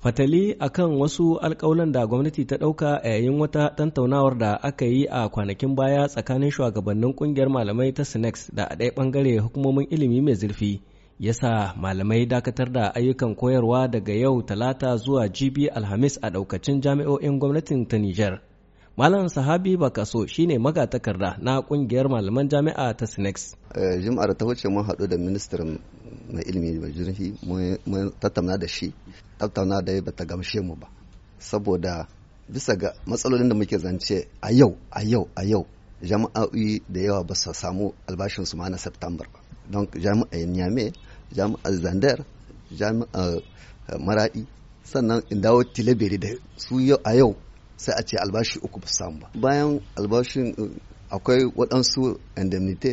fatali akan wasu alkawalan da gwamnati ta ɗauka yayin wata tantaunawar da aka yi a kwanakin baya tsakanin shugabannin kungiyar malamai ta sinex da a ɗaya ɓangare hukumomin ilimi mai zurfi yasa malamai dakatar da ayyukan koyarwa daga yau talata zuwa jibi alhamis a ɗaukacin jami'o'in gwamnatin ta nijar malam sahabi bakaso shine magatakarda na kungiyar malaman jami'a ta sinex eh, jim'ar ta wuce mun haɗu da ministan mai ilimi da zurfi mun tattauna da shi tattauna da ya bata gamshe mu ba saboda bisa ga matsalolin da muke zance a yau a yau a yau jama'a'i da yawa ba su samu albashin su ma na september ba don jami'ar yame jami'ar zandar jami'ar eh, mara'i sannan in dawo tileberi da su a yau sai a ce albashi uku ba samu ba bayan albashin eh, akwai waɗansu indemnity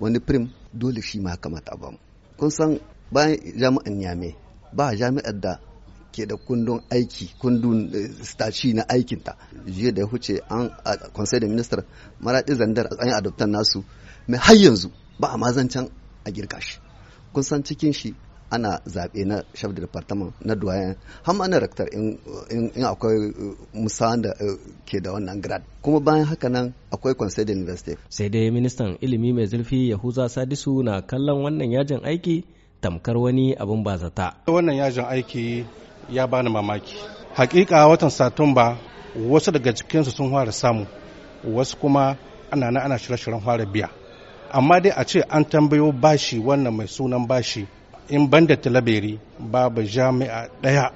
wani prim dole shi ma kamata ba bamu kun san bayan jami'an yame ba jami'ar da ke da kundin aiki kundin eh, staci na aikinta jiya da ya huce an a konsai da minister maraɗi zandar a tsayin adoptan nasu mai har yanzu ba a mazancan a girka shi kun san cikin shi ana zaɓe na shaf departament na duwayen ham na rektar in akwai uh, musawan da uh, ke da wannan grad kuma bayan haka nan akwai conseil university sai dai ministan ilimi mai zurfi yahuza sadisu na kallon wannan yajin aiki tamkar wani abin ba-zata. bazata wannan yajin aiki ya bani mamaki hakika watan satumba wasu daga cikinsu sun fara samu wasu kuma ana ana shirye-shiryen fara biya amma dai a ce an tambayo bashi wannan mai sunan bashi in banda talaberi babu jami'a ɗaya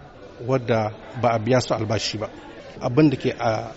wadda ba a biya su albashi ba abin da ke a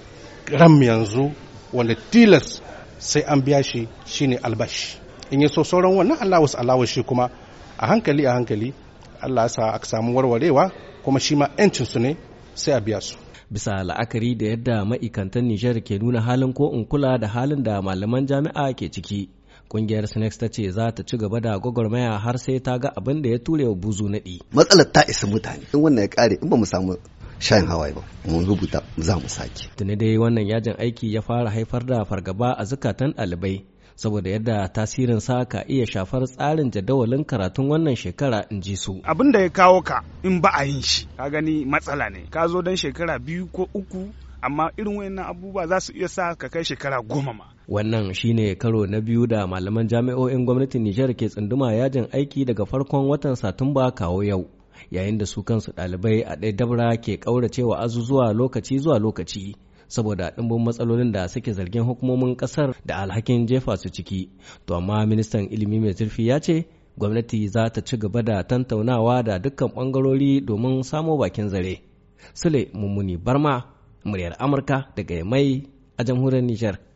ran yanzu wanda tilas sai an biya shi shine albashi in so sauran wannan allawus alawashi kuma a hankali a hankali allah sa aka samu warwarewa kuma shi ma 'yancinsu ne sai a biya su bisa la'akari da yadda ma'aikantan nijar ke nuna halin ko in kula da halin da malaman jami'a ke ciki Kungiyar Sinex ta ce za ta ci gaba da gwagwarmaya har sai ta ga abin da ya ture wa buzu naɗi. Matsalar ta isa mutane. In wannan ya kare in ba mu samu shayin hawaye ba mun rubuta za mu sake. Tuni dai wannan yajin aiki ya fara haifar da fargaba a zukatan ɗalibai saboda yadda tasirin sa ka iya shafar tsarin jadawalin karatun wannan shekara in ji su. Abin da ya kawo ka in ba a yin shi ka gani matsala ne ka zo don shekara biyu ko uku amma irin wayannan abubuwa za su iya sa ka kai shekara goma ma. Wannan shine karo na biyu da malaman jami'o'in gwamnatin Nijar ke tsunduma yajin aiki daga farkon watan Satumba kawo yau. Yayin da su kansu ɗalibai a ɗaya dabra ke ƙauracewa azuzuwa lokaci zuwa lokaci saboda ɗimbin matsalolin da suke zargin hukumomin ƙasar da alhakin jefa su ciki. To amma ministan ilimi mai zurfi ya ce gwamnati za ta ci gaba da tantaunawa da dukkan ɓangarori domin samo bakin zare. Sule Mummuni Barma, muryar Amurka daga mai a jamhuriyar Nijar.